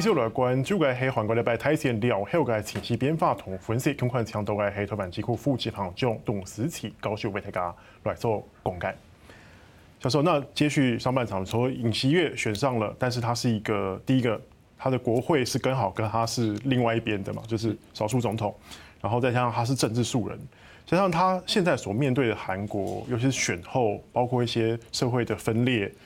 先嚟講，就要黑韓國的拜睇見料有嘅情緒變法同款式，更換強度嘅係台灣智庫副執行長董思齊教授為大家來做講解。教授，那接續上半場，的時候，尹錫悅選上了，但是他是一個第一個，他的國會是剛好跟他是另外一邊的嘛，就是少數總統，然後再加上他是政治素人，加上他現在所面對的韓國，尤其是選後，包括一些社會的分裂。